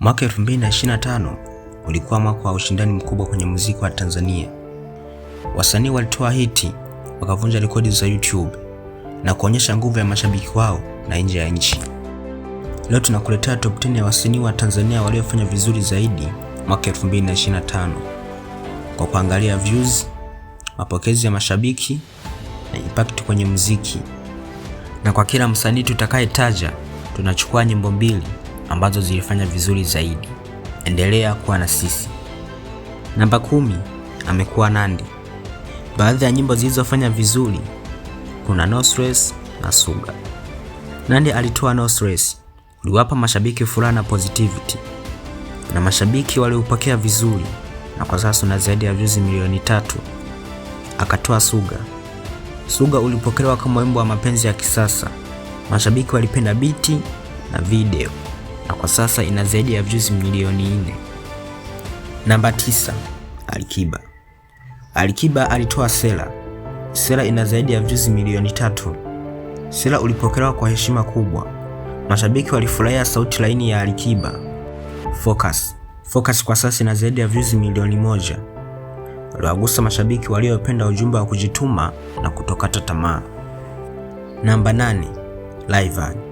Mwaka 2025 ulikuwa mwaka wa ushindani mkubwa kwenye muziki wa Tanzania. Wasanii walitoa hiti, wakavunja rekodi za YouTube na kuonyesha nguvu ya mashabiki wao na nje ya nchi. Leo tunakuletea top 10 ya wasanii wa Tanzania waliofanya vizuri zaidi mwaka 2025 kwa kuangalia views, mapokezi ya mashabiki na impact kwenye muziki. Na kwa kila msanii tutakayetaja tunachukua nyimbo mbili ambazo zilifanya vizuri zaidi. Endelea kuwa na sisi. Namba kumi amekuwa Nandy. Baadhi ya nyimbo zilizofanya vizuri kuna No Stress na Sugar. Nandy alitoa No Stress, uliwapa mashabiki furaha na positivity, na mashabiki waliupokea vizuri, na kwa sasa una zaidi ya views milioni tatu. Akatoa Sugar. Sugar ulipokelewa kama wimbo wa mapenzi ya kisasa, mashabiki walipenda biti na video na kwa sasa ina zaidi ya views milioni nne. Namba tisa, Alikiba. Alikiba alitoa Sela. Sela ina zaidi ya views milioni tatu. Sela ulipokelewa kwa heshima kubwa, mashabiki walifurahia sauti laini ya Alikiba. Focus. Focus kwa sasa ina zaidi ya views milioni moja. Waliwagusa mashabiki waliopenda ujumbe wa kujituma na kutokata tamaa. Namba nane, Rayvanny.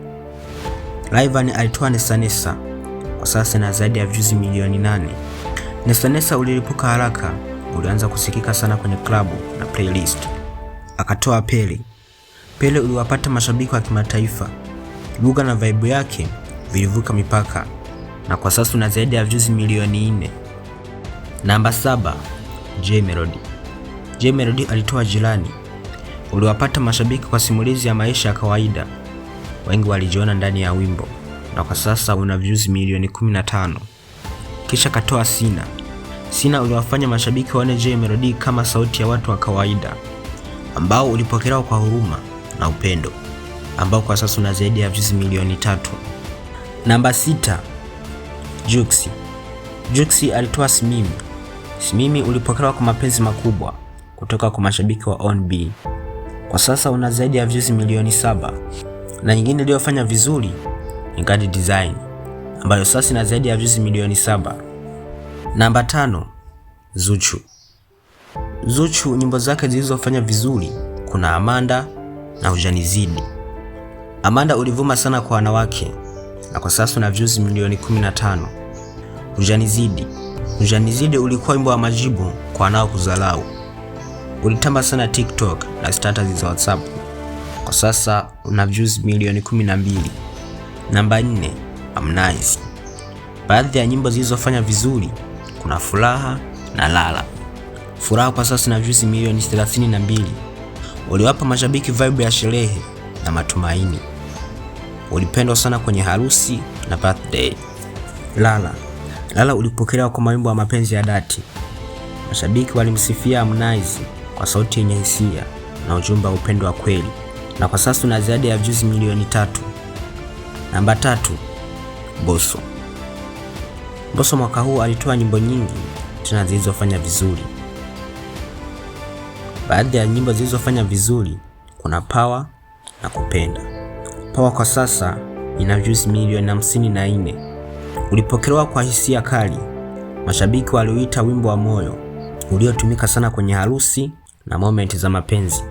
Rayvanny alitoa Nesanesa kwa sasa na zaidi ya views milioni nane. Nesanesa ulilipuka haraka, ulianza kusikika sana kwenye klabu na playlist. Akatoa Pele. Pele uliwapata mashabiki wa kimataifa, lugha na vibe yake vilivuka mipaka, na kwa sasa una zaidi ya views milioni nne. Namba saba, J Melody. J Melody alitoa Jirani, uliwapata mashabiki kwa simulizi ya maisha ya kawaida wengi walijiona ndani ya wimbo na kwa sasa una views milioni 15. Kisha katoa Sina. Sina uliwafanya mashabiki waone Jay Melody kama sauti ya watu wa kawaida ambao ulipokelewa kwa huruma na upendo ambao kwa sasa una zaidi ya views milioni tatu. Namba sita, Juksi. Juksi alitoa Simimi. Simimi ulipokelewa kwa mapenzi makubwa kutoka kwa mashabiki wa OnB. Kwa sasa una zaidi ya views milioni saba na nyingine iliyofanya vizuri ni Gadi design ambayo sasa ina zaidi ya views milioni saba. Namba tano, Zuchu. Zuchu nyimbo zake zilizofanya vizuri kuna Amanda na Ujanizidi. Amanda ulivuma sana kwa wanawake na kwa sasa una views milioni 15. Ujanizidi. Ujanizidi ulikuwa wimbo wa majibu kwa kuzalau. Ulitamba sana TikTok na status za WhatsApp. Kwa sasa una views milioni 12. Namba 4, Harmonize. Baadhi ya nyimbo zilizofanya vizuri kuna Furaha na Lala. Furaha kwa sasa na views milioni 32. Uliwapa mashabiki vibe ya sherehe na matumaini. Ulipendwa sana kwenye harusi na birthday. Lala. Lala ulipokelewa kwa mawimbo ya mapenzi ya dhati. Mashabiki walimsifia Harmonize kwa sauti yenye hisia na ujumbe wa upendo wa kweli na kwa sasa una ziada ya views milioni tatu. Namba tatu, Mbosso. Mbosso mwaka huu alitoa nyimbo nyingi tena zilizofanya vizuri. Baadhi ya nyimbo zilizofanya vizuri kuna Power na Kupenda. Power kwa sasa ina views milioni hamsini na nne. Ulipokelewa kwa hisia kali, mashabiki waliuita wimbo wa moyo uliotumika sana kwenye harusi na momenti za mapenzi.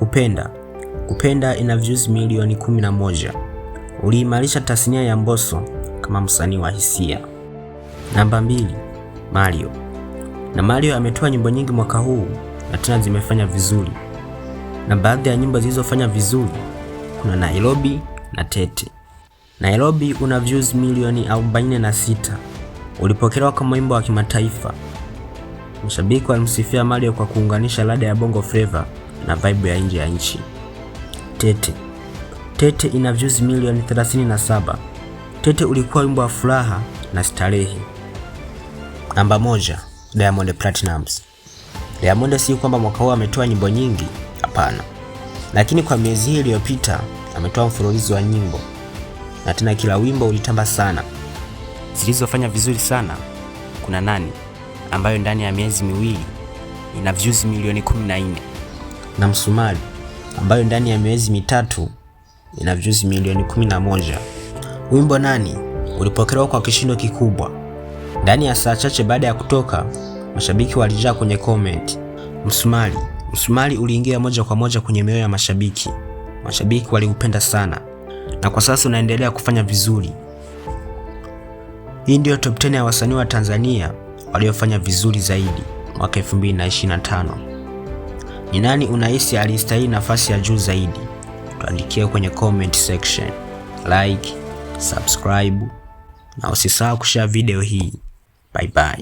Kupenda. Kupenda ina views milioni 11. Uliimarisha tasnia ya Mbosso kama msanii wa hisia. Namba mbili, Mario. Na Mario ametoa nyimbo nyingi mwaka huu na tena zimefanya vizuri, na baadhi ya nyimbo zilizofanya vizuri kuna Nairobi na Tete. Nairobi una views milioni 46, ulipokelewa kama wimbo wa kimataifa. Mashabiki walimsifia Mario kwa kuunganisha ladha ya Bongo Flava na vibe ya nje ya nchi. Tete. Tete ina views milioni 37. Tete ulikuwa wimbo wa furaha na starehe. Namba moja, Diamond Platnumz. Diamond si kwamba mwaka huu ametoa nyimbo nyingi, hapana, lakini kwa miezi hii iliyopita ametoa mfululizo wa nyimbo na tena kila wimbo ulitamba sana. Zilizofanya vizuri sana kuna nani, ambayo ndani ya miezi miwili ina views milioni 14 na msumari ambayo ndani ya miezi mitatu ina views milioni 11. Wimbo Nani ulipokelewa kwa kishindo kikubwa. Ndani ya saa chache baada ya kutoka, mashabiki walijaa kwenye comment. Msumari, msumari uliingia moja kwa moja kwenye mioyo ya mashabiki. Mashabiki waliupenda sana na kwa sasa unaendelea kufanya vizuri. Hii ndiyo top 10 ya wasanii wa Tanzania waliofanya vizuri zaidi mwaka 2025. Ni nani unahisi alistahili nafasi ya juu zaidi? Tuandikie kwenye comment section. Like, subscribe na usisahau kushare video hii. Bye bye.